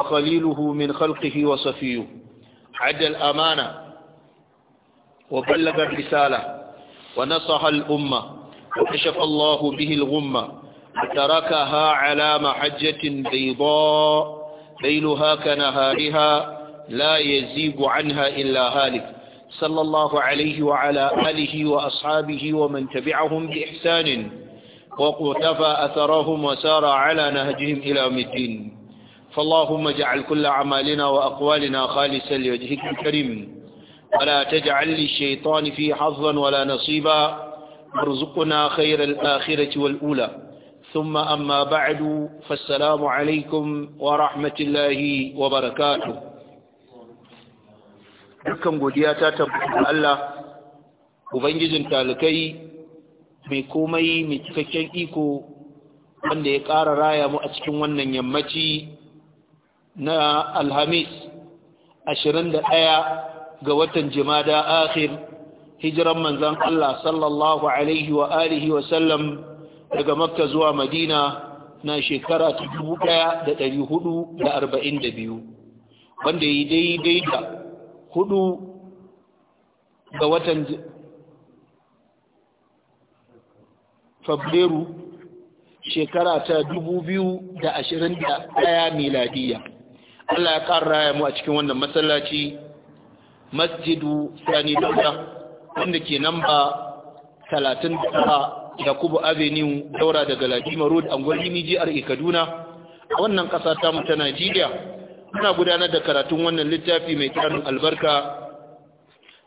وخليله من خلقه وصفيه عد الأمانة وبلغ الرسالة ونصح الأمة وكشف الله به الغمة وتركها على محجة بيضاء ليلها كنهارها لا يزيب عنها إلا هالك صلى الله عليه وعلى آله وأصحابه ومن تبعهم بإحسان وقتفى أثرهم وسار على نهجهم إلى مدين فاللهم اجعل كل أعمالنا وأقوالنا خالصا لوجهك الكريم ولا تجعل للشيطان في حظا ولا نصيبا وارزقنا خير الآخرة والأولى ثم أما بعد فالسلام عليكم ورحمة الله وبركاته dukkan godiya ta tabbata Allah ubangijin talikai mai komai mai cikakken iko wanda ya ƙara raya mu a cikin wannan yammaci na alhamis 21 ga watan jimada akhir hijiran manzan Allah sallallahu alaihi wa alihi wa sallam daga makka zuwa madina na shekara ta 1442 wanda yi daidai da hudu ga watan fabrairu shekara ta 2021 miladiya Allah ya ƙara raya mu a cikin wannan masallaci masjidu sani dauda wanda ke namba 39 yakubu avenue daura daga ladima road anguwar jihar kaduna a wannan ƙasa ta mu ta najeriya muna gudanar da karatun wannan littafi mai tarin albarka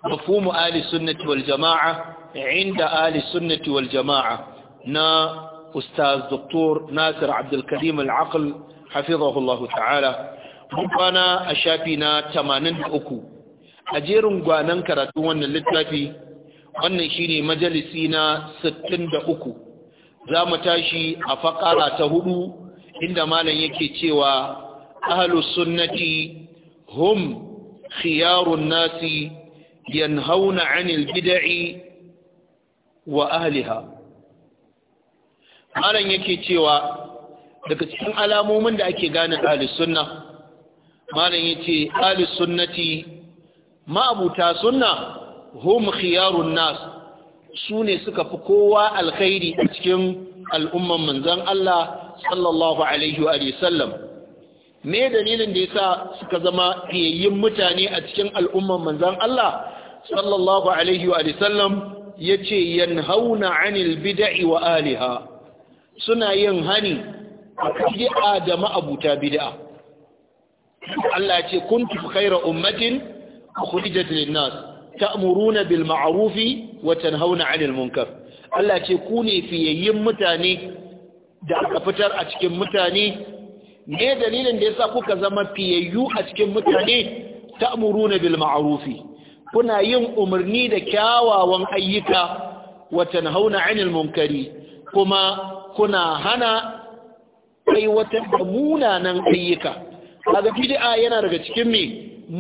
mafhumu ali sunnati wal jama'a inda ali sunnati wal jama'a na ustaz doktor nasir abdul karim hafizahullahu ta'ala kwana a shafi na uku. a jerin gwanan karatun wannan littafi wannan shine majalisi na uku. za mu tashi a faƙara ta hudu inda malam yake cewa ahlus sunnati hum khiyarun nasi yanhauna 'anil bid'i wa ahliha malam yake cewa daga cikin alamomin da ake gane ahlus sunna malam yace ahli sunnati ma'abuta sunna hum khiyarun nas sune suka fi kowa alkhairi a cikin al'umman Manzan Allah sallallahu alaihi wa me dalilin da yasa suka zama fiyayyin mutane a cikin al'umman Manzan Allah sallallahu alaihi wa sallam yace yanhauna 'anil bida'i wa aliha suna yin hani a bid'a da ma'abuta bid'a Allah ya ce kuntum khayra ummatin ukhrijat lin-nas ta'muruna bil ma'rufi wa tanhauna 'anil munkar Allah ya ce ku ne fiyayyin mutane da aka fitar a cikin mutane ne dalilin da yasa kuka zama fiyayyu a cikin mutane ta'muruna bil ma'rufi kuna yin umarni da kyawawan ayyuka wa tanhauna 'anil munkari kuma kuna hana aiwatar da munanan ayyuka kaga bid'a yana daga cikin me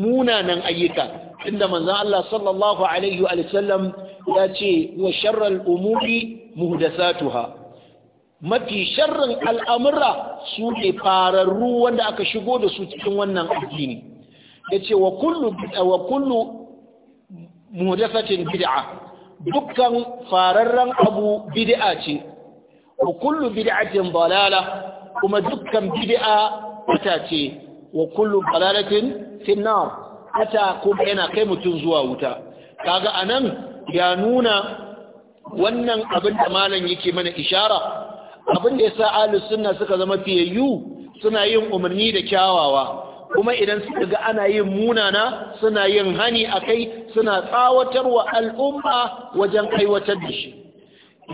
munanan ayyuka inda manzon Allah sallallahu alaihi wa sallam ya ce wa sharral umuri muhdathatuha mafi sharrin al'amura su ne fararru wanda aka shigo da su cikin wannan addini yace wa kullu wa kullu muhdathatin bid'a dukkan fararren abu bid'a ce wa kullu bid'atin dalala kuma dukkan bid'a wata ce wa kullum balalatin finnar ata kuma yana kai mutum zuwa wuta kaga anan ya nuna wannan abin da malam yake mana ishara abin da yasa ahlus sunna suka zama fiyayyu suna yin umarni da kyawawa kuma idan suka ga ana yin munana suna yin hani akai suna tsawatar tsawatarwa al'umma wajen aiwatar da shi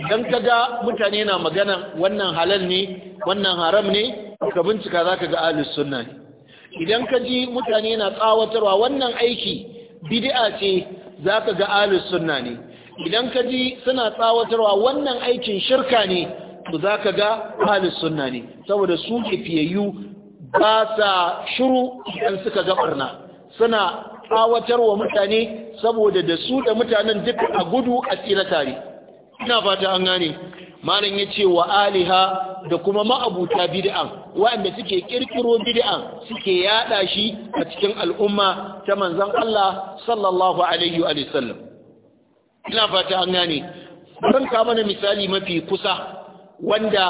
idan ka ga mutane na magana wannan halal ne wannan haram ne ka bincika zaka ga ahlus sunna ne idan ka ji mutane na tsawatarwa wannan aiki bid'a ce za ka ga alis sunna ne idan ka ji suna tsawatarwa wannan aikin shirka ne to za ka ga alis sunna ne saboda su ke fiyayyu ba sa shiru idan suka ga suna tsawatarwa mutane saboda da su da mutanen duk a gudu a tsira tare ina fata an gane malam ya ce wa aliha da kuma ma'abuta bid'an waɗanda suke kirkiro bid'an suke yada shi a cikin al'umma ta manzon Allah sallallahu alaihi wa sallam ina fata an gane bari ka mana misali mafi kusa wanda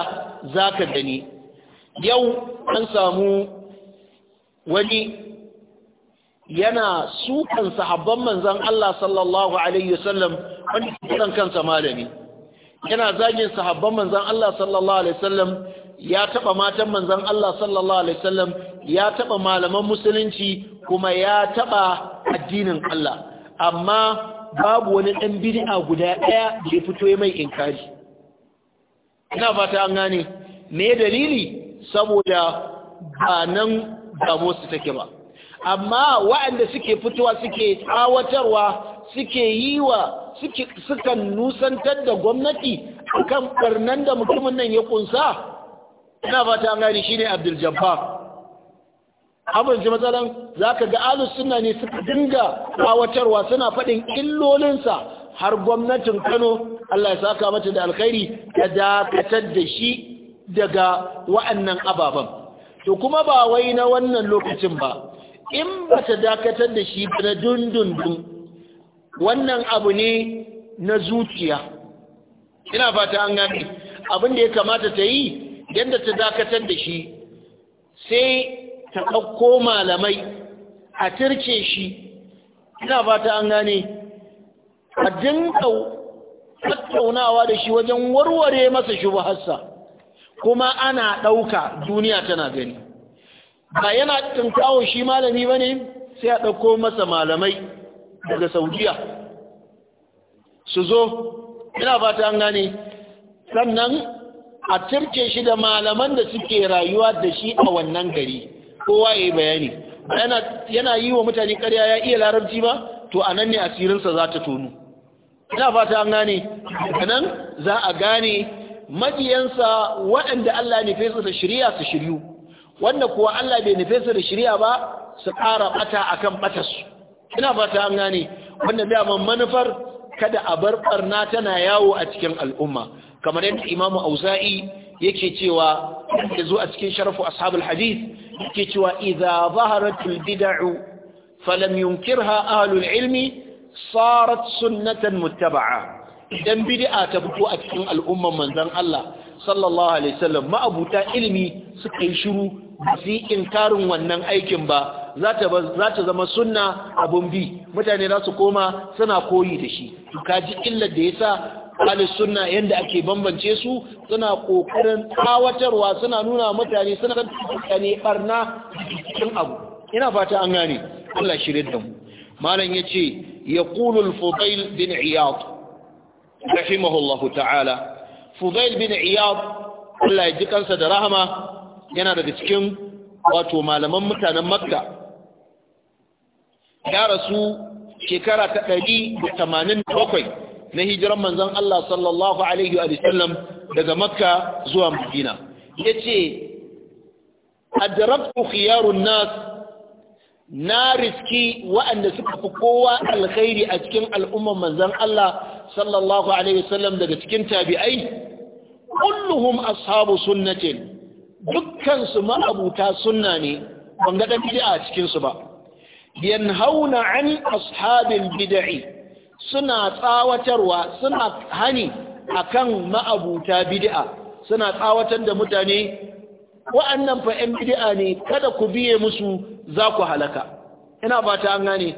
zaka gani yau an samu wani yana sukan sahabban manzon Allah sallallahu alaihi wa sallam wanda kiran kansa malami yana zagin sahabban manzon Allah sallallahu alaihi wasallam ya taba matan manzon Allah sallallahu alaihi wasallam ya taɓa malaman musulunci kuma ya taɓa addinin Allah amma babu wani ɗan bid'a guda ɗaya da ya fito mai inkari ina fata an gane me dalili saboda ba nan su take ba amma waɗanda suke fitowa suke tsawatarwa suke yi wa sukan nusantar da gwamnati kan ɓarnan da mutumin nan ya kunsa ina fata gani shine Abdul Jabbar abin ji matsalan ka ga alus suna ne suka dinga kawatarwa suna faɗin illolinsa har gwamnatin Kano Allah ya saka mata da alkhairi ta dakatar da shi daga wa'annan ababen to kuma ba wai na wannan lokacin ba in ba ta dakatar da shi ba na dundundun wannan abu ne na zuciya ina fata an gane abin da ya kamata ta yi yadda ta dakatar da shi sai ta ɗauko malamai a turke shi ina fata an gane a dinka tattaunawa da shi wajen warware masa shubuharsa kuma ana ɗauka duniya tana gani ba yana tunkawon shi malami ba ne sai a ɗauko masa malamai daga saudiya su zo ina fata an gane sannan a turke shi da malaman da suke rayuwa da shi a wannan gari kowa ya yi bayani yana yi wa mutane karya ya iya larabci ba to a nan ne asirinsa za ta tonu ina fata an gane a nan za a gane majiyansa waɗanda Allah nufe su da shirya su shiryu wanda kuwa Allah bai nufe su da shirya ba su ƙara ɓata akan ɓatarsu ina fata an gane wanda daman manufar kada a bar barna tana yawo a cikin al'umma kamar yadda imamu auza'i yake cewa da zo a cikin sharafu ashabul hadith yake cewa idza zaharatul bid'u falam yunkirha ahlul ilmi sarat sunnatan muttaba'a idan bid'a ta fito a cikin al'umman manzon Allah sallallahu alaihi wasallam ma'abuta ilimi suka yi shiru ba su inkarin wannan aikin ba za ta zama sunna abun bi mutane za su koma suna koyi da shi kaji illar da ya sa ahli suna yadda ake bambance su suna ƙoƙarin tsawatarwa suna nuna mutane suna kan mutane barna cikin abu ina fata an gane Allah shirye da mu malam ya ce ya al-fudail bin iyad rahimahullahu ta'ala fudail bin iyad Allah ya ji kansa da rahama yana daga cikin wato malaman mutanen makka ya rasu shekara ta ɗari da tamanin bakwai na hijiran Manzan Allah sallallahu alaihi daga makka zuwa madina ya ce adrabtu khiyarun nas na riski waɗanda suka fi kowa alkhairi a cikin al'umman Manzan Allah sallallahu alaihi wasallam daga cikin tabi'ai kulluhum ashabu sunnatin dukkan su ma'abuta sunna ne ban ga ɗan bid'a cikin ba yanhauna an ashabin bid'i suna tsawatarwa suna akan ma'abuta bid'a suna tsawatar da mutane wa'annan fa ƴan bid'a ne kada ku biye musu za ku halaka ina fata ta an gane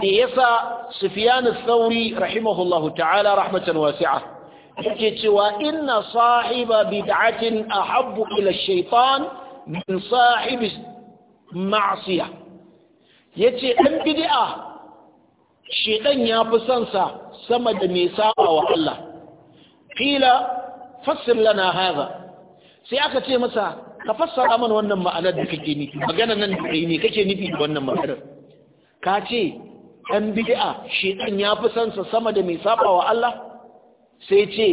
me yasa Sufyan ath-Thauri rahimahullahu ta'ala rahmatan wasi'a yake cewa inna sahiba bid'atin ahabbu ila ash-shaytan min sahibi ma'siyah ya ce ɗan bidi'a shiɗan ya fi son sa sama da mai saba wa Allah qila fassir lana hadha sai aka ce masa ka fassara mana wannan ma'anar da kake nufi magana nan da kai ne kake nufi da wannan ma'anar ka ce ɗan bid'a shiɗan ya fi son sa sama da mai saba wa Allah sai ce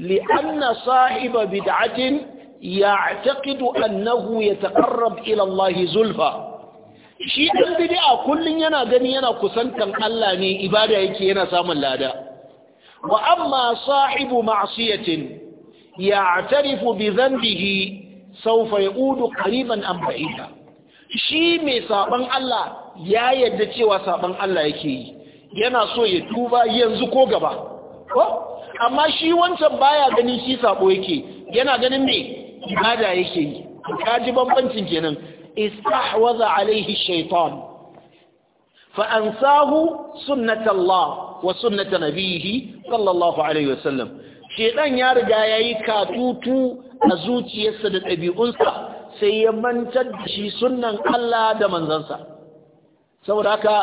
li'anna sahiba bid'atin ya'taqidu annahu yataqarrab ila Allah zulfa shi ɗan a kullum yana gani yana kusantan Allah ne ibada yake yana samun lada wa amma sahibu ma'siyatin ya'tarifu bi dhanbihi sawfa yaudu qariban am ba'ida shi mai saban Allah ya yadda cewa saban Allah yake yi yana so ya tuba yanzu ko gaba ko amma shi wancan baya ganin shi sabo yake yana ganin me ibada yake yi ji bambancin kenan استحوذ عليه الشيطان فأنساه سنة الله وسنة نبيه صلى الله عليه وسلم شيطان يا رجا ياي كاتوتو ازوتي يسد ɗabi'unsa sai ya mantar da shi sunnan Allah da manzansa saboda haka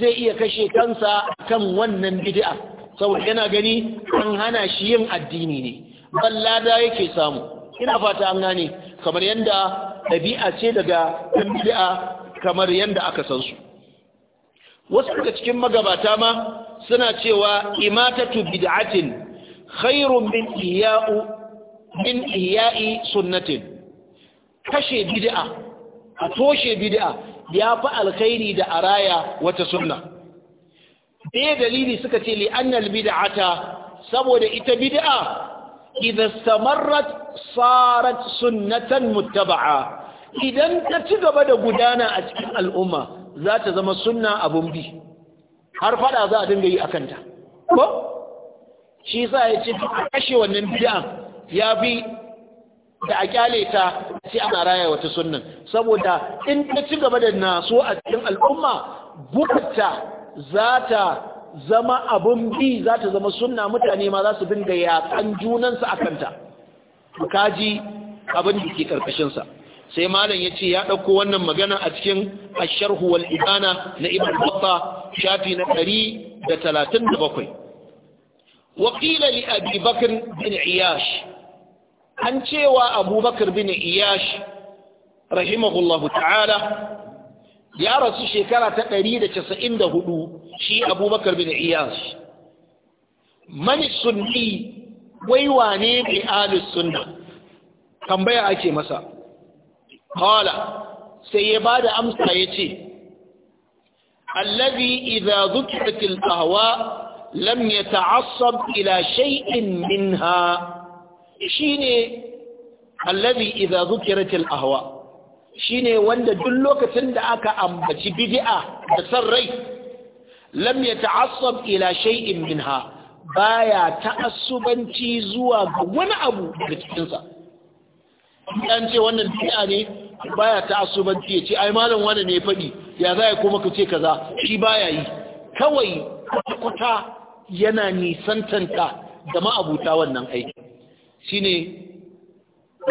zai iya kashe kansa kan wannan bid'a saboda yana gani an hana shi yin addini ne balla da yake samu ina fata an gane kamar yadda ɗabi'a ce daga ɗan bid'a kamar yadda aka san su wasu daga cikin magabata ma suna cewa imatatu bid'atin khairun min ihya'u min ihya'i sunnatin kashe bid'a a toshe bid'a ya fi alkhairi da araya wata sunna Me dalili suka ce li'annal bid'ata saboda ita bid'a إذا استمرت صارت سنة متبعة idan ta ci gaba da gudana a cikin al'umma za ta zama sunna abun bi har faɗa za a dinga yi akan ta ko shi sa ya ce kashe wannan bid'a ya fi da a kyale ta sai ana raya wata sunnan saboda in ta ci gaba da nasu a cikin al'umma bukatta za ta zama abun bi za ta zama sunna mutane ma za su dinga yakan junansa a kanta kaji abin da ke karkashinsa sai malam ya ce ya ɗauko wannan magana a cikin asharhu wal ibana na ibn shafi na ɗari da talatin da bakwai wakila li abi bin iyash an cewa abubakar bin iyash rahimahullahu ta'ala ya rasu shekara ta 194 shi abubakar bin iyas mani sunni wai wane mai ahlus sunna tambaya ake masa qala sai ya bada amsa yace allazi idza zukiratil al ahwa lam yata'assab ila shay'in minha shine allazi idza zukiratil al ahwa shine wanda duk lokacin da aka ambaci bidi'a da san rai lam yata'assab ila shay'in minha baya ta'assubanci zuwa ga wani abu da cikin sa dan ce wannan bid'a ne baya ta'assubanci ya ce ai malam wani ne fadi ya zai kuma ka ce kaza shi baya yi kawai kwata yana nisantanta da ma'abuta wannan aiki shine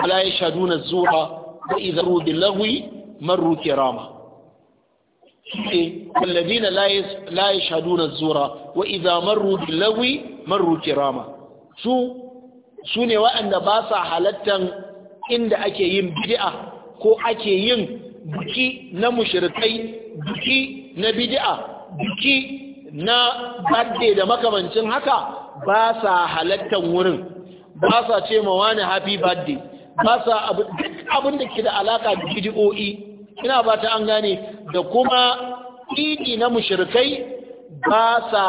ala yashaduna zuwa wa idza ru bil lagwi marru kirama walladina la yashhaduna zura wa idza marru bil lagwi marru kirama su sune waɗanda ba sa halattan inda ake yin bid'a ko ake yin buki na mushrikai buki na bid'a buki na badde da makamancin haka ba sa halattan wurin ba sa ce ma wani happy birthday ba sa abin da ke da alaka da bidiyo'i ina ba ta an gane da kuma idi na mushrikai ba sa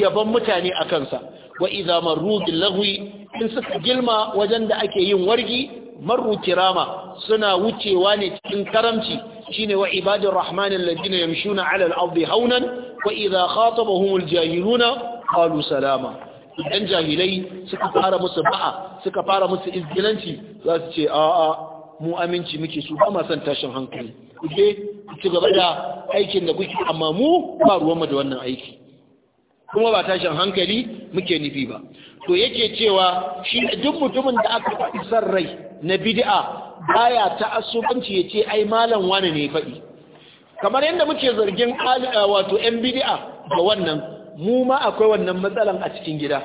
yaban mutane a kansa wa idza marru lahwi in suka gilma wajen da ake yin wargi marru kirama suna wucewa ne cikin karamci shine wa ibadur rahmanin alladhina yamshuna ala al-ardi Haunan. wa idza khatabahum jahiluna qalu salama idan jahilai suka fara musu ba'a suka fara musu izgilanci za su ce a'a mu aminci muke su ba ma son tashin hankali kuje ci gaba da aikin da kuke amma mu ba ruwan mu da wannan aiki kuma ba tashin hankali muke nufi ba to yake cewa shi duk mutumin da aka faɗi san rai na bid'a baya ta ta'assubanci yace ai malam wani ne faɗi kamar yadda muke zargin wato yan bid'a ga wannan mu ma akwai wannan matsalan a cikin gida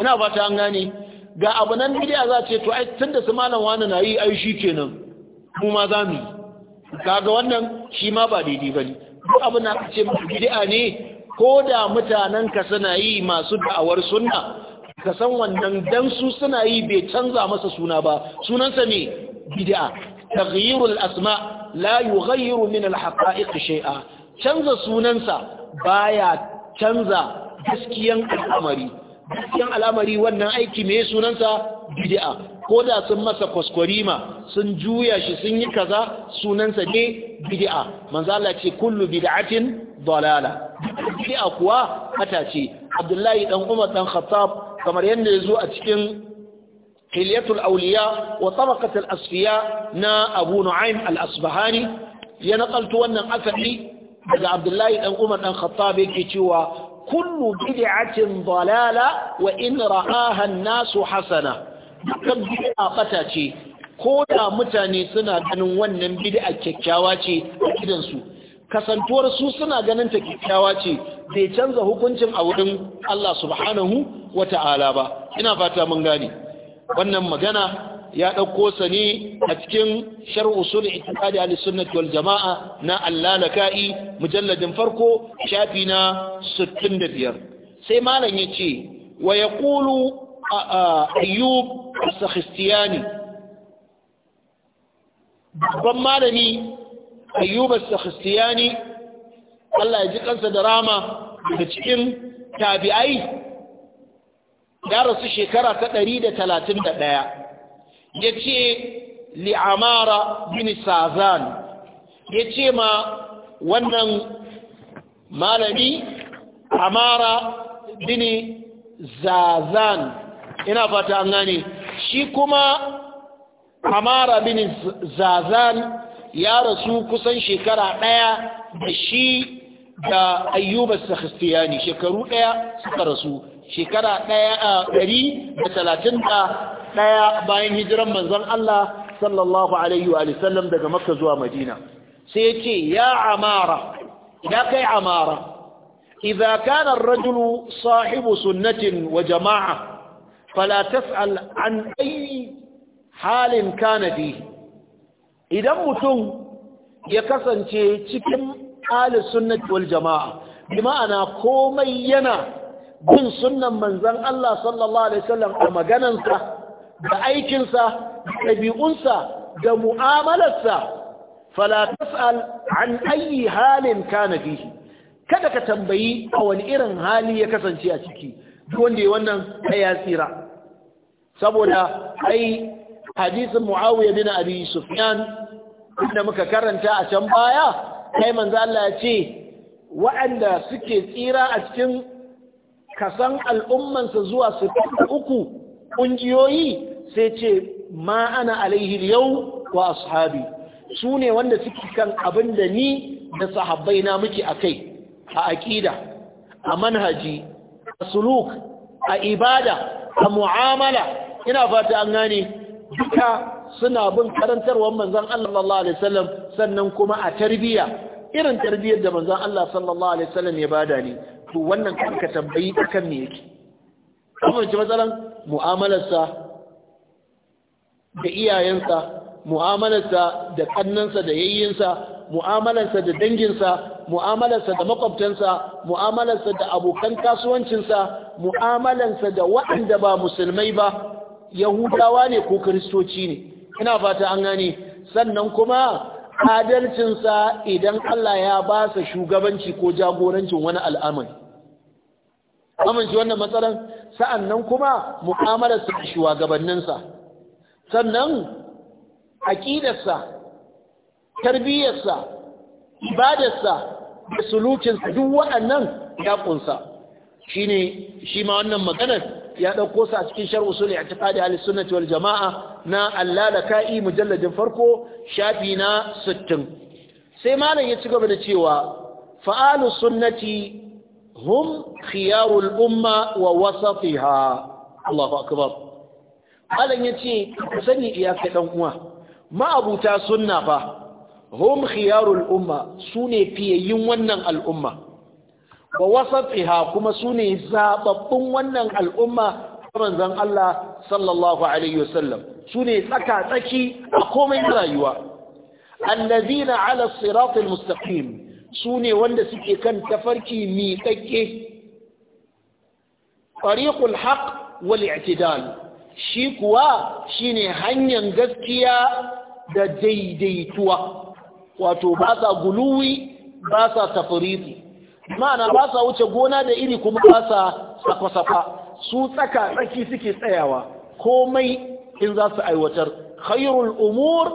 ina fata an gane ga abu nan gida za ce to ai da su malam wani na yi yi shi kenan mu ma za mu yi ga wannan shi ma ba daidai ba ne duk abu na ce masu gida ne ko da mutanen ka suna yi masu da'awar sunna ka san wannan dan su suna yi bai canza masa suna ba sunansa ne bidiya taghyirul asma la yughayyiru min al-haqa'iq shay'a canza sunansa baya canza gaskiyan al'amari gaskiyan al'amari wannan aiki mai sunansa bid'a ko da sun masa kwaskwarima sun juya shi sun yi kaza sunansa ne bid'a manzo ce kullu bid'atin dalala bid'a kuwa kata ce Abdullahi dan Umar dan Khattab kamar yanda yazo a cikin Hilyatul Awliya wa Tabaqatul Asfiya na Abu Nu'aym Al-Asbahani ya nakaltu wannan asali daga abdullahi ɗan umar ɗan khattab yake cewa kullu bid'atin dalala wa in ra'aha an-nasu hasana dukkan bid'a bata ce ko da mutane suna ganin wannan bid'a kyakkyawa ce a gidansu kasantuwar su suna ganin ta kyakkyawa ce bai canza hukuncin a wurin Allah subhanahu wata'ala ba ina fata mun gane wannan magana ya ɗauko sa ne a cikin shar'u sul itiqadi ahli sunnah wal jama'a na allalaka'i mujalladin farko shafi na 65 sai malam yace wa yaqulu ayyub as-sakhistiyani babban malami ayyub as-sakhistiyani Allah ya ji kansa da rama daga cikin tabi'ai ya rasu shekara ta 131 ya ce li'amara bin sazan ya ce ma wannan malami amara bin zazan ina fata an gane shi kuma amara bin zazan ya rasu kusan shekara ɗaya da shi da ayyuba sakhistiyani shekaru ɗaya suka rasu shekara ɗaya a ɗari da talatin da daya bayan hijiran manzon Allah sallallahu alaihi wa sallam daga makka zuwa madina sai yace ya amara ya kai amara idan kana ar-rajul sahibu sunnatin wa jama'a fala an ayi halin kana idan mutum ya kasance cikin ahli wal jama'a bi ma'ana komai yana bin sunnan manzon Allah sallallahu alaihi wasallam a maganarsa. da aikinsa ɗabi'unsa da mu'amalarsa fala tas'al an ayi halin kana fihi kada ka tambayi a wani irin hali ya kasance a ciki duk wanda ya wannan ya tsira saboda ai hadisin muawiya bin abi sufyan inda muka karanta a can baya kai manzo Allah ya ce waɗanda suke tsira a cikin kasan al'ummansa zuwa su uku, ƙungiyoyi sai ce ma ana alaihi yau wa ashabi su ne wanda suke kan abin da ni da sahabbai na muke a kai a aƙida a manhaji a suluk a ibada a mu'amala ina fata an gane duka suna bin karantarwar manzan Allah sallallahu alaihi wasallam sannan kuma a tarbiyya. irin tarbiyyar da manzan Allah sallallahu alaihi wasallam ya bada ne to wannan kanka tambayi akan me yake kuma ce matsalan mu'amalarsa da iyayensa mu'amalarsa da kannansa da yayyinsa mu'amalarsa da danginsa mu'amalarsa da makwabtansa mu'amalarsa da abokan kasuwancinsa mu'amalarsa da waɗanda ba musulmai ba yahudawa ne ko kiristoci ne ina fata an gane sannan kuma adalcinsa idan Allah ya ba sa shugabanci ko jagorancin wani al'amari amince wannan matsalan sa'annan kuma mu'amalarsa da shugabanninsa sannan aƙidarsa tarbiyyarsa ibadarsa da sulukinsa duk waɗannan ya ƙunsa shi ne shi ma wannan maganar ya ɗauko sa a cikin shar usuli a ahli hali wal jama'a na ka'i mujalladin farko shafi na 60 sai malam ya ci gaba da cewa fa'alu sunnati hum khiyarul umma wa wasatiha Allahu akbar malam yace sani iya kai ɗan uwa ma'abuta sunna fa hum khiyarul umma sune fiyayyun wannan al'umma wa wasatiha kuma sune zababbun wannan al'umma manzon Allah sallallahu alaihi wasallam tsaka tsaki a komai rayuwa allazina ala siratil mustaqim sune wanda suke kan tafarki mi dakke tariqul haqq wal i'tidal shi kuwa shine hanyar gaskiya da daidaituwa wato ba sa guluwi ba sa tafriti ma'ana ba sa wuce gona da iri kuma ba sa safa-safa. su tsaka tsaki suke tsayawa komai in za su aiwatar khairul umur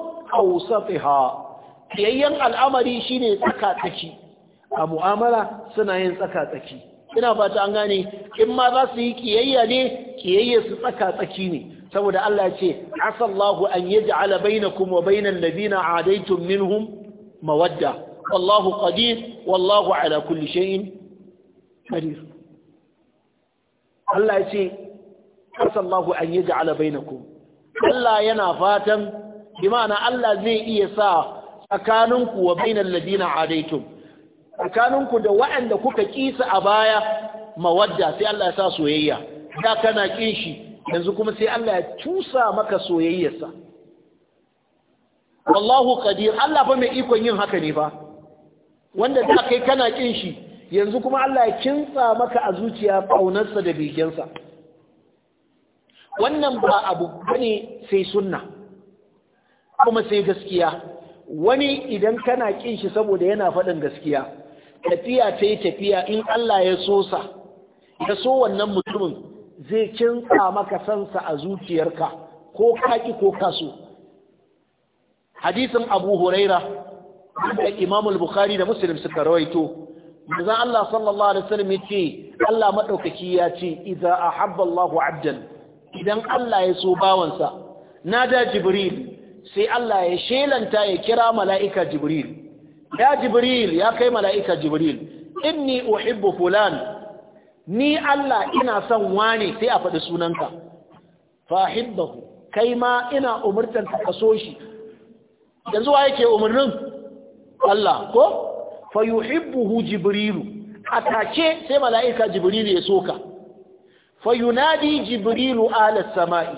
safiha. kiyayyen al'amari shine tsaka tsaki a mu'amala suna yin tsaka tsaki ina fata an gane in ma za su yi kiyayya ne kiyayya su tsaka tsaki ne saboda Allah ce asallahu an yaj'ala bainakum wa bainal ladina adaitum minhum mawadda wallahu qadir wallahu ala kulli shay'in qadir Allah ce asallahu an yaj'ala bainakum Allah yana fatan bi Allah zai iya sa tsakaninku wa bainal ladina adaitum tsakaninku da waɗanda kuka kisa a baya mawadda sai Allah ya sa soyayya da kana kin shi yanzu kuma sai Allah ya tusa maka soyayyarsa wallahu qadir Allah fa mai ikon yin haka ne fa wanda da kai kana kin shi yanzu kuma Allah ya kinsa maka a zuciya kaunarsa da bikinsa. wannan ba abu bane sai sunna kuma sai gaskiya wani idan kana kin shi saboda yana faɗin gaskiya tafiya ta tafiya in Allah ya so sa ya so wannan mutumin zai kinsa maka sansa a zuciyarka ko kaki ko kaso hadisin abu huraira da imamul bukhari da muslim suka rawaito manzon Allah sallallahu alaihi wasallam yace Allah madaukaki ya ce idza ahabba Allahu abdan idan Allah ya so bawansa nada jibril sai Allah ya shelanta ya kira mala'ika jibril ya jibril ya kai mala'ika jibril inni uhibbu fulan ni Allah ina son wane sai a faɗi sunanka fahibbahu kai ma ina umurtan ka kaso shi yanzu wa yake umurnin Allah ko fa jibrilu atake sai mala'ika jibrilu ya soka fa jibrilu ala samai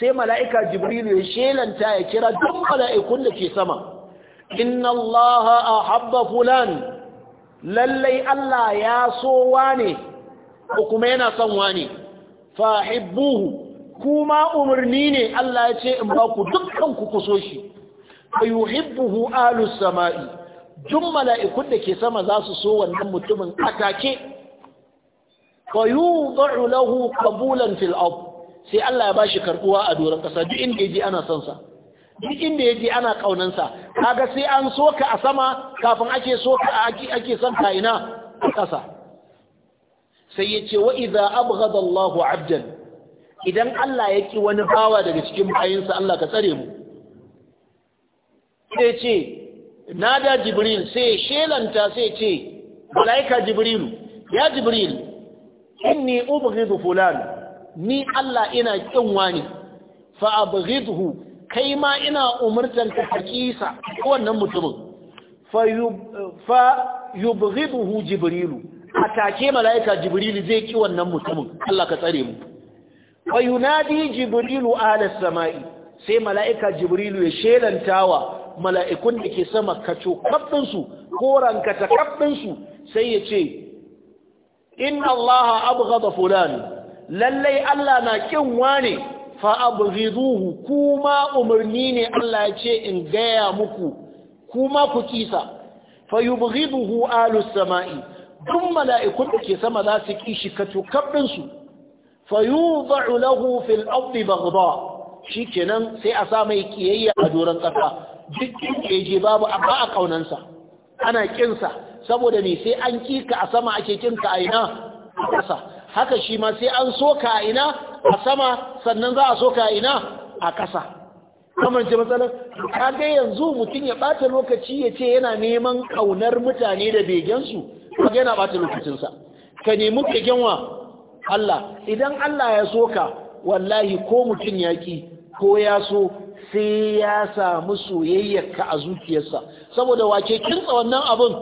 sai mala'ika jibrilu ya shelanta ya kira duk mala'ikun da ke sama inna allaha ahabba fulan lallai Allah ya so wane ko kuma yana son wani fahibbuhu kuma umarni ne Allah ya ce in ba ku dukkan ku kuso shi fayuhibbuhu alus sama'i duk mala'ikun da ke sama za su so wannan mutumin atake fayudhu lahu qabulan fil ard sai Allah ya bashi karbuwa a doron kasa duk inda yaji ana son sa duk inda yaji ana kaunan sa kaga sai an soka a sama kafin ake soka ake ake son ka ina kasa sai ya ce wa idza abghada 'abdan idan Allah ya ki wani bawa daga cikin bayinsa Allah ka tsare mu sai ce da jibril sai shelanta sai ce malaika jibril ya jibril inni ubghidu fulan ni Allah ina kin wani fa abghidhu kai ma ina umurtan ka hakisa wannan mutumin fa yubghiduhu jibrilu a take mala'ika jibrilu zai ki wannan mutumin Allah ka tsare mu wa yunadi jibrilu ala samai sai mala'ika jibrilu ya shelantawa mala'ikun da ke sama kaco kabbin su rankata ka ta sai ya ce inna allaha abghada fulan lalle Allah na kin wane fa abghiduhu kuma umarni ne Allah ya ce in gaya muku kuma ku kisa Fa fayubghiduhu alus sama'i duk mala'ikun da ke sama za su ƙi shi kacokaɓinsu za’u lahu fil Shi ke nan sai a sa mai kiyayya a doron ƙasa duk inda je babu abba a ƙaunansa. ana ƙinsa saboda me sai an ƙi ka a sama ake ƙinka a ina A ƙasa haka shi ma sai an so ka a ina a sama sannan za a so ka a ina a ƙasa kamar ji matsalar ga yanzu mutum ya ɓata lokaci ya ce yana neman ƙaunar mutane da begensu kage yana bata lokacinsa ka nemi kegen wa Allah idan Allah ya so ka wallahi ko mutum yaki ko ya so sai ya samu soyayyarka a zuciyarsa saboda wake kinsa wannan abun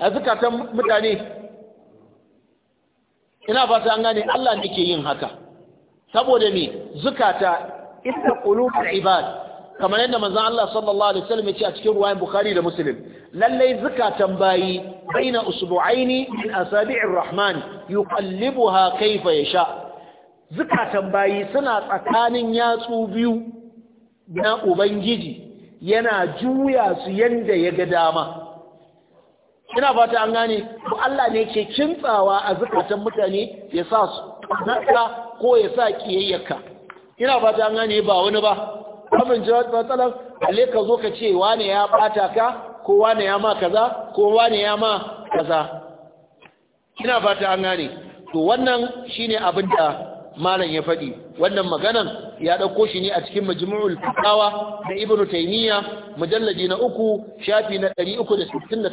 a zukatan mutane ina fata an gane Allah nake yin haka saboda me zukata ita qulubul ibad kamar yadda manzon Allah sallallahu alaihi wasallam yace a cikin ruwayan Bukhari da Muslim lallai zakatan bayi baina usbu'aini min asabi'ir rahman yuqallibuha kayfa yasha zakatan bayi suna tsakanin yatsu biyu na ubangiji yana juya su yanda ya ga dama ina fata an gane ko Allah ne yake kintsawa a zukatan mutane ya sa su ko ya sa kiyayyaka ina fata an gane ba wani ba abin jawad matsalan alle ka zo ka ce wane ya bata ka ko wane ya ma kaza ko wane ya ma kaza ina fata an gane to wannan shine abin da malam ya faɗi wannan maganan ya ɗauko shi ne a cikin majmu'ul fatawa da ibnu taymiya mujallaji na uku shafi na 368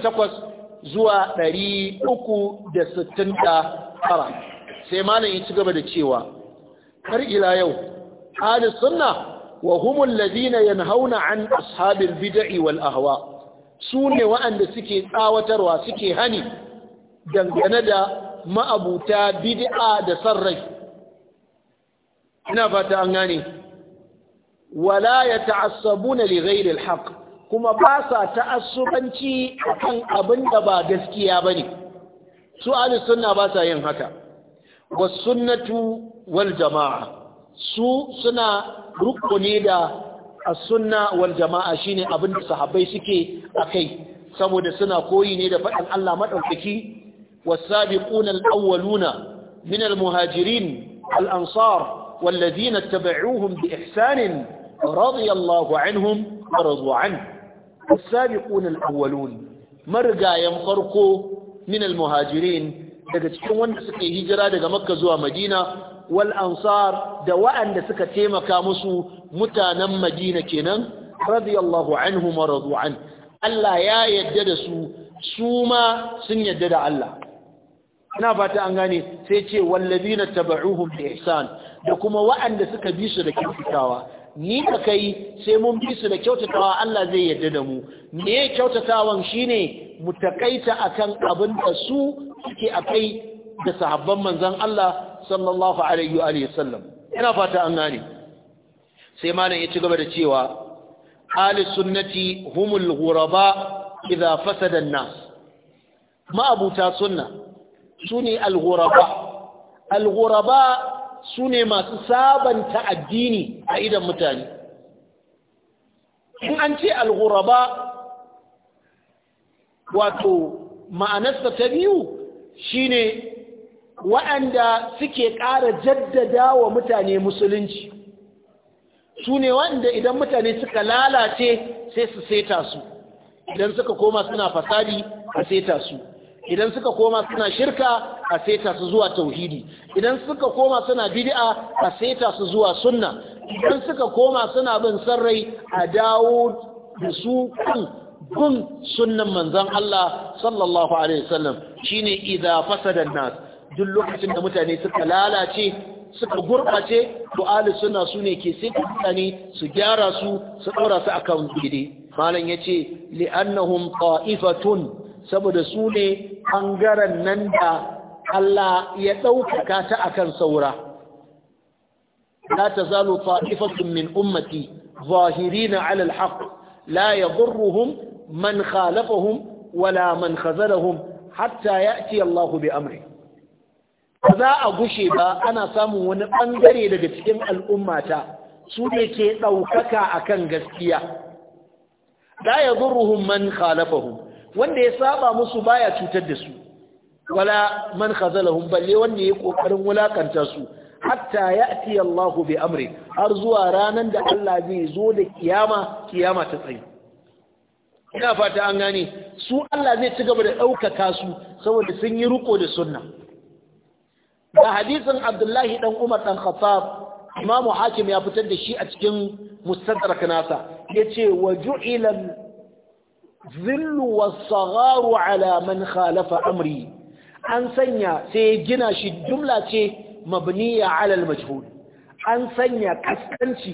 zuwa 369 sai malam ya ci gaba da cewa har ila yau ahli sunna wa humul ladina yanhauna an ashabil bid'i wal Su ne waɗanda suke tsawatarwa suke hani dangane da ma'abuta bid'a da sarrai ina fata an gane wala ya li ghayri al-haqq kuma ba sa ta'assubanci kan abin da ba gaskiya bane su ahlus sunna ba sa yin haka was sunnatu wal jama'a su suna ruko ne da a sunna wal jama'a shine abin da sahabbai suke kai saboda suna koyi ne da faɗin Allah madaukaki wasabi sabiquna al minal muhajirin al-muhajirin al-ansar والذين اتبعوهم بإحسان رضي الله عنهم ورضوا عنه السابقون marigayen farko minal muhajirin daga cikin wanda suka yi hijira daga makka zuwa madina wal ansar da wa'anda suka taimaka musu mutanen madina kenan radiyallahu anhum wa radu an Allah ya yadda da su su ma sun yadda da Allah ina fata an gane sai ce wallazina tabauhum bi ihsan da kuma wa'anda suka bi su da kyautatawa ni ka kai sai mun bi su da kyautatawa Allah zai yadda da mu me kyautatawan shine mu takaita akan abin da su suke akai da sahabban manzon Allah sallallahu alaihi wa sallam ina fata an gane sai malam ya ci gaba da cewa ahli sunnati humul ghuraba idza fasada an-nas ma abuta sunna sune al-ghuraba al-ghuraba sune masu sabanta addini a idan mutane in an ce al-ghuraba wato ma'anarsa ta biyu shine waɗanda suke ƙara jaddada wa mutane musulunci su ne waɗanda idan mutane suka lalace sai su seta su idan suka koma suna fasadi a seta su idan suka koma suna shirka a seta su zuwa tauhidi idan suka koma suna bid'a a seta su zuwa sunna idan suka koma suna bin sarrai a dawo da su kan bin sunnan manzon Allah sallallahu alaihi wasallam shine idza fasada nas duk lokacin da mutane suka lalace suka gurɓace to suna sunna su ne ke sai mutane su gyara su su ɗora su akan daidai malam ya ce li'annahum ta'ifatun saboda su ne ɓangaren nan da Allah ya ɗaukaka ta akan saura la tazalu ta'ifatun min ummati zahirina 'ala al-haqq la yadhurruhum man khalafahum wala man khazalahum hatta ya'ti Allahu bi amrihi ba za a gushe ba ana samun wani ɓangare daga cikin al'ummata su ne ke ɗaukaka a kan gaskiya da ya zurruhun man khalafahu wanda ya saba musu baya cutar da su wala man khazalahum balle wanda ya ƙoƙarin wulaƙanta su hatta ya'ti Allahu bi amri har zuwa ranar da Allah zai zo da kiyama kiyama ta tsaye ina fata an gane su Allah zai ci gaba da ɗaukaka su saboda sun yi riko da sunna da hadisin abdullahi dan umar dan khattab imamu hakim ya fitar da shi a cikin mustadrak nasa yace wa ju'ila zillu was-sagharu ala man khalafa amri an sanya sai gina shi jumla ce mabniya ala al-majhul an sanya kaskanci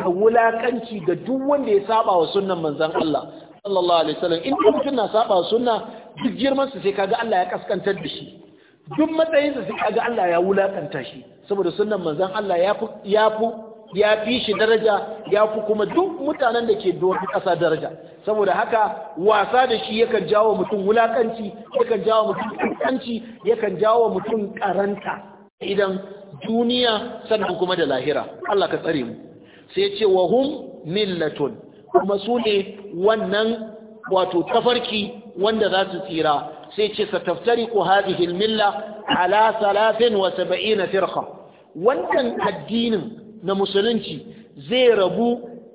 da wulakanci ga duk wanda ya saba wa sunnan manzon Allah sallallahu alaihi wasallam in mutum na saba sunna duk girman sa sai kaga Allah ya kaskantar da shi duk matsayinsa sun kaga Allah ya wulakanta shi saboda sunan manzan Allah ya fi ya fi shi daraja ya fi kuma duk mutanen da ke doron ƙasa daraja saboda haka wasa da shi yakan jawo mutum wulakanci yakan jawo mutum kankanci yakan jawo mutum karanta idan duniya sannan kuma da lahira Allah ka tsare mu sai ce wa hum millatun kuma su ne wannan wato tafarki wanda za su tsira sai ce sataftariqu hadhihi al-milla ala 73 firqa wannan addinin na musulunci zai rabu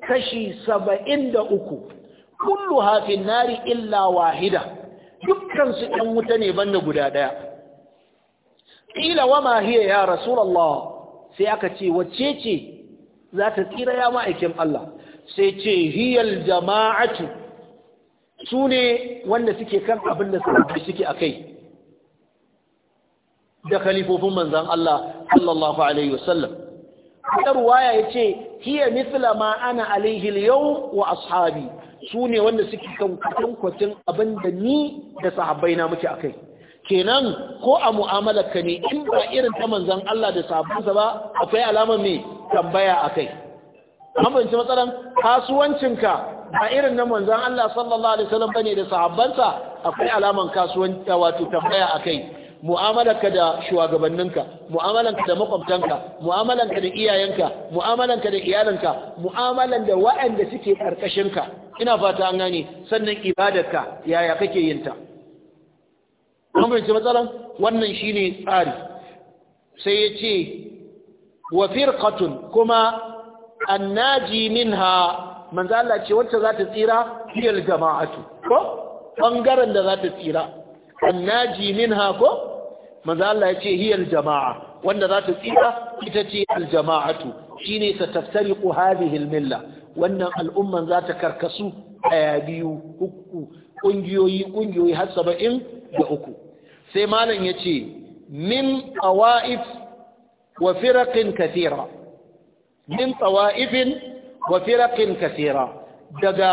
kashi 73 kulluha fi nari illa wahida dukkan su ɗan wuta ne banda guda ɗaya. qila wama hiya ya rasulullah sai aka ce wacce ce za ta tsira ya ma'aikin Allah sai ce hiyal jama'atu su ne wanda suke kan abin da sahabbai suke a kai da khalifofin manzan Allah sallallahu alaihi wasallam wata ruwaya ya ce hiya nifila ma ana alaihil yau wa ashabi su ne wanda suke kan kwatankwacin abin da ni da sahabai na muke a kai kenan ko a mu'amalar ka ne in ba irin ta manzan Allah da sahabbansa ba akwai alamar mai tambaya a kai amince matsalan kasuwancinka A irin na manzon Allah sallallahu alaihi wasallam bane da sahabbansa akwai alaman kasuwanci eh, wato tambaya akai mu'amalarka da shugabanninka mu'amalanka da makwabtanka mu'amalanka da iyayenka mu'amalanka da iyalanka mu'amalan da waɗanda suke ka, ina fata an gane sannan ibadarka yaya kake yin ta an fahimci matsalan wannan shine tsari sai ya ce wa firqatun kuma annaji minha manzo Allah ce wacce za ta tsira hiyal jama'atu ko bangaren da za ta tsira annaji minha ko manzo Allah ya ce hiyal jama'a wanda za ta tsira ita ce al jama'atu shine ta taftari hadhihi al milla wannan al'umman za ta karkasu aya biyu uku kungiyoyi kungiyoyi har saba'in da uku sai malam ya ce min awa'if wa firaqin kathira min tawa'ifin wa firaqin kaseera daga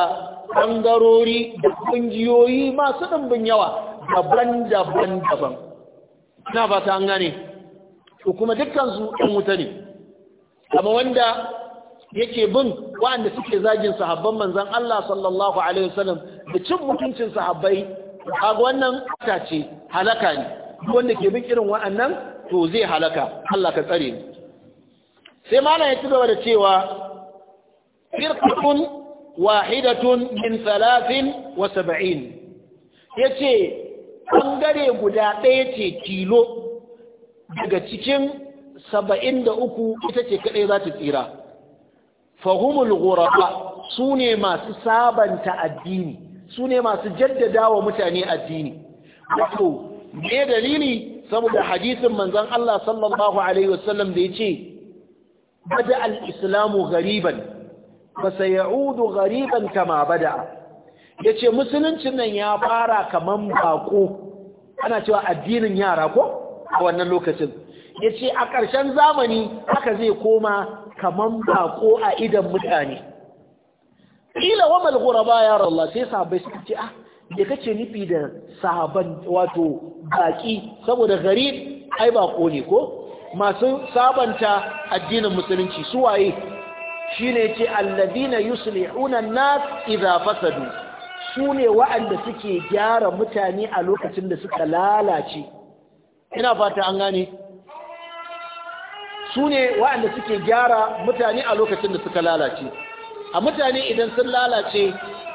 bangarori da kungiyoyi masu ɗimbin yawa daban-daban daban na ba ta gane to kuma dukkan su ɗan wuta ne amma wanda yake bin waɗanda suke zagin sahabban manzan Allah sallallahu alaihi wasallam da cin mutuncin sahabbai kaga wannan ta ce halaka ne wanda ke bin irin waɗannan to zai halaka Allah ka tsare ni sai malam ya ci gaba da cewa firqatun wahidatun min 73 yace bangare guda ɗaya ce kilo daga cikin da uku ita ce kaɗai za ta tsira fahumul ghuraba sune masu sabanta addini sune masu jaddadawa mutane addini wato me dalili saboda hadisin manzon Allah sallallahu alaihi wasallam da yace bada al-islamu ghariban fa sayaudu ghariban kama bada yace musuluncin nan ya fara kaman bako ana cewa addinin yara ko a wannan lokacin yace a ƙarshen zamani haka zai koma kaman bako a idan mutane ila wa mal ghuraba ya Allah sai sahabbai suka ce ah da kace nufi da sahaban wato baki saboda gari ai bako ne ko masu sabanta addinin musulunci su waye ne ce alladina yusli nas idza fasadu su ne wa'anda suke gyara mutane a lokacin da suka lalace ina fata an gane su ne wa'anda suke gyara mutane a lokacin da suka lalace a mutane idan sun lalace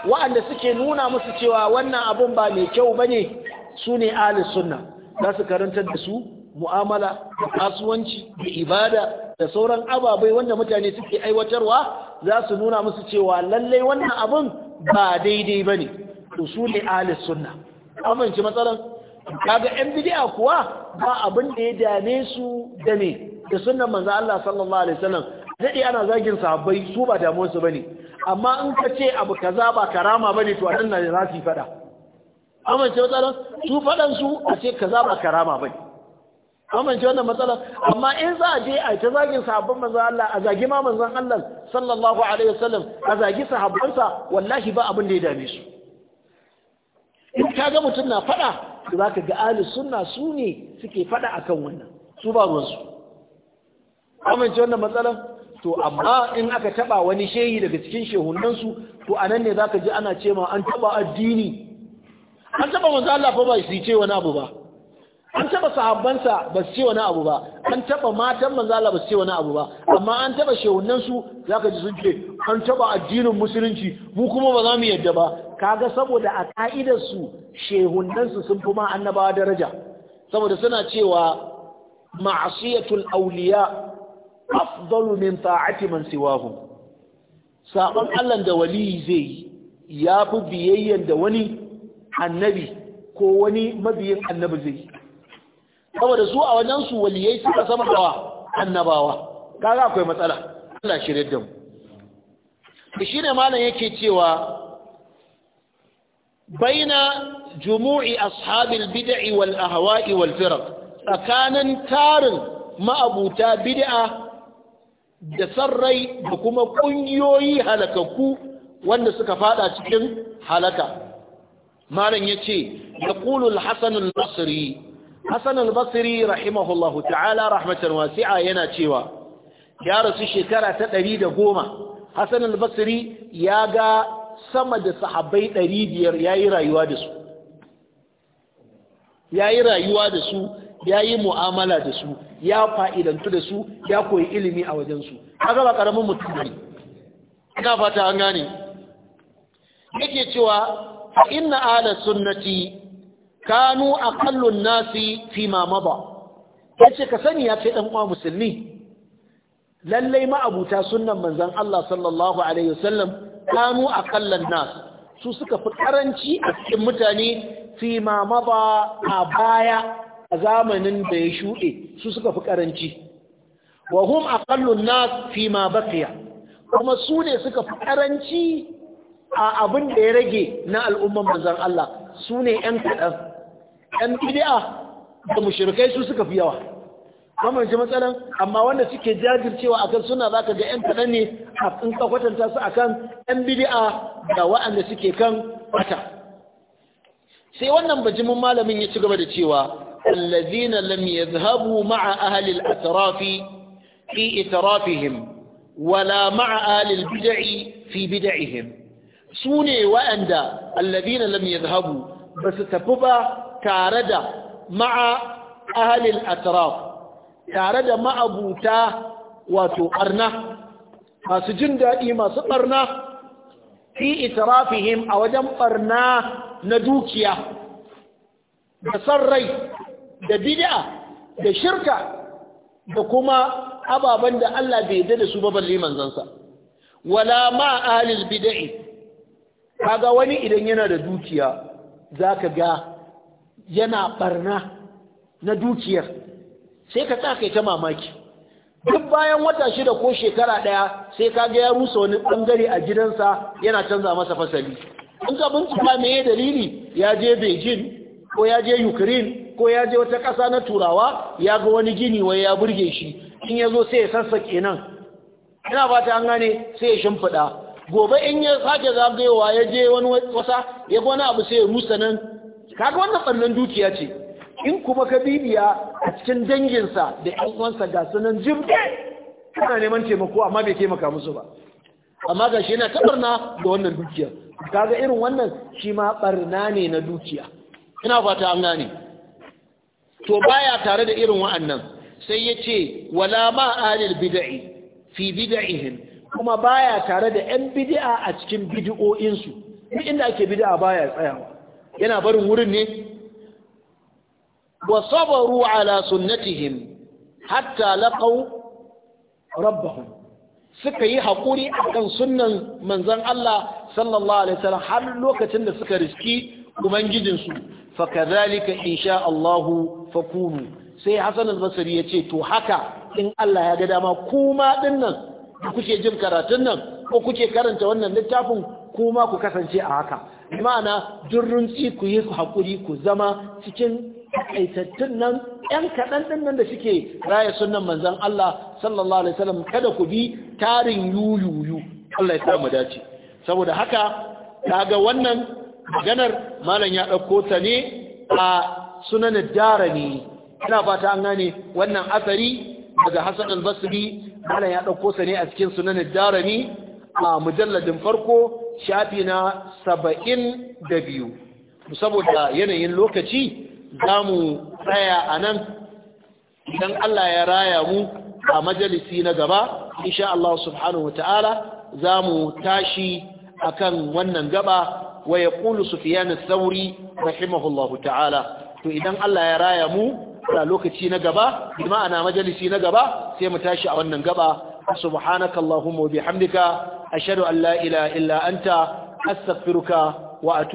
wa'anda suke nuna musu cewa wannan abun ba mai kyau bane su ne ahli sunna za su karantar da su mu'amala da kasuwanci da ibada da sauran ababai wanda mutane suke aiwatarwa za su nuna musu cewa lallai wannan abin ba daidai ba ne usuli ahli sunna amince matsalan kaga yan bid'a kuwa ba abin da ya dame su da ne da sunnan manzo Allah sallallahu alaihi wasallam dade ana zagin sahabbai su ba damuwar su bane amma in ka ce abu kaza ba karama bane to anan ne za su yi fada amince matsalan su fadan su a ce kaza ba karama bane amince wannan matsalar amma in za a je a ta zagin sahabban manzo Allah a zagi ma manzon Allah sallallahu alaihi wasallam a zagi sahabbansa wallahi ba abin da ya dame su in ka ga mutum na fada to zaka ga ahli sunna su ne suke fada akan wannan su ba ruwan su amince wannan matsalar to amma in aka taba wani shehi daga cikin shehunan su to anan ne zaka ji ana cewa an taba addini an taba manzo Allah fa ba su ce wani abu ba an taba sahabbansa ba su ce wani abu ba an taba matan manzala ba su ce wani abu ba amma an taba shehunan su zaka ji sun ce an taba addinin musulunci mu kuma ba za mu yadda ba kaga saboda a ka'idar su shehunan su sun fi ma annabawa daraja saboda suna cewa ma'asiyatul awliya afdalu min ta'ati man siwahum saban Allah da wali zai yafi biyayyen da wani annabi ko wani mabiyin annabi zai saboda su a wajen su waliyai suka sama dawa annabawa kaga akwai matsala Allah shirye da mu shine malam yake cewa baina jumu'i ashabil bid'i wal ahwa'i wal firq tsakanin tarin ma'abuta bid'a da sarrai da kuma kungiyoyi halakakku wanda suka fada cikin halaka malam yace yaqulu al-hasan al-basri Hassan al-Basri rahimahullahu ta'ala rahmatan wasi'a yana cewa ya rasu shekara ta ɗari da goma. Hassan al-Basri ya ga sama da sahabbai biyar ya yi rayuwa da su. Ya yi rayuwa da su, mu'amala da su, ya fa'idantu da su, ya koyi ilimi a su, Haka ba ƙaramin mutum ne. Ina fata an gane. Yake cewa, inna ala sunnati kanu aqallun nasi fi ma Ya yace ka sani ya ce ɗan uwa musulmi lallai ma'abuta sunnan manzon Allah sallallahu alaihi wasallam kanu aqallan nas su suka fi ƙaranci a cikin mutane fi ma mada a baya a zamanin da ya shuɗe su suka fi ƙaranci. wa hum aqallun nas fi ma bafiya. kuma su ne suka fi ƙaranci a abin da ya rage na al'umman manzon Allah su ne 'yan kaɗan yan bid'a da mushrikai su suka fi yawa kamar matsalan amma wanda suke jajircewa akan suna zaka ga 'yan kaɗan ne a tsinka kwatanta su akan 'yan bid'a da wa'anda suke kan wata sai wannan bajimin malamin ya ci gaba da cewa allazina lam yadhhabu ma'a ahli al fi itrafihim wala ma'a ahli al-bid'i fi bid'ihim sune wa'anda allazina lam ba basu tafi ba tare da ma'a ahalil atraf tare da ma'abuta wato ɓarna masu jin daɗi masu ɓarna fi itrafihim a wajen ɓarna na dukiya da san rai da bid'a da shirka da kuma ababen da Allah bai yarda da su ba balle manzansa wala ma ahlil bid'i kaga wani idan yana da dukiya zaka ga yana barna na dukiyar sai ka tsaka ta mamaki duk bayan wata shida ko shekara daya sai ka ga ya rusa wani bangare a gidansa yana canza masa fasali in ka bincika me ya dalili ya je Beijing ko ya je Ukraine ko ya je wata ƙasa na Turawa ya ga wani gini wai ya burge shi in ya zo sai ya sassake nan ina fata an gane sai ya shimfiɗa gobe in ya sake zagayowa ya je wani wasa ya wani abu sai ya rusa nan kaga wannan tsannan dukiya ce in kuma ka bibiya a cikin danginsa da ƴan uwansa ga sunan jimbe eh, kana neman taimako amma bai taimaka musu ba amma ga shi yana barna da wannan dukiya kaga irin wannan shi ma barna ne na dukiya ina fata an gane to baya tare da irin wa'annan sai ya ce, wala ma alil bid'i fi bid'ihim kuma baya tare da ƴan bid'a a cikin bid'o'insu duk inda ake bid'a baya tsayawa yana barin wurin ne wa sabaru ala sunnatihim hatta laqaw rabbahum suka yi hakuri akan sunnan manzon Allah sallallahu alaihi wasallam har lokacin da suka riski ubangijinsu fa kadhalika insha Allah fakunu sai Hassan al-Basri yace to haka in Allah ya ga dama kuma dinnan kuke jin karatun nan ko kuke karanta wannan littafin kuma ku kasance a haka ma'ana durrunci ku yi hakuri ku zama cikin takaitattun nan ‘yan kaɗan ɗin nan da suke raya sunan manzan Allah sallallahu Alaihi wasallam kada ku bi tarin yuyuyu Allah ya samu dace saboda haka daga wannan maganar malam ya ɗauko ta ne a sunan dara ne ina fata an gane wannan asari daga Hassan al-Basri malam ya ɗauko ta ne a cikin sunan dara ne a mujalladin farko shafi na saba'in da biyu saboda yanayin lokaci za mu tsaya a nan idan Allah ya raya mu a majalisi na gaba insha Allah subhanahu ta'ala za mu tashi akan wannan gaba wa ya ƙulu sufiyanin sauri rahimahullahu ta'ala to idan Allah ya raya mu a lokaci na gaba bi ma'ana majalisi na gaba sai mu tashi a wannan gaba subhanaka allahumma wa bihamdika ashhadu an la ilaha illa anta astaghfiruka wa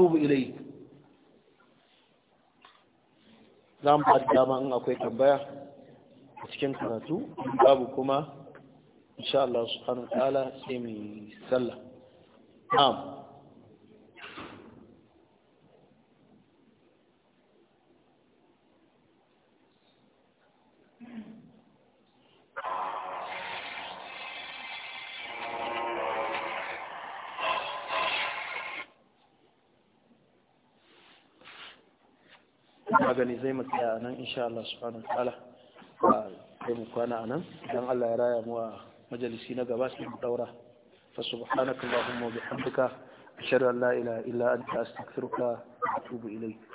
zan ba dama in akwai tambaya a cikin karatu babu kuma insha Allah subhanahu wa ta'ala sai mu sallah na'am magani zai mu a nan insha Allah subhanahu ta'ala kai mu kwana a nan dan Allah ya raya mu a majalisi na gaba sai mu daura fa subhanakallahumma wa bihamdika ashhadu an la ilaha illa anta astaghfiruka wa atubu ilayk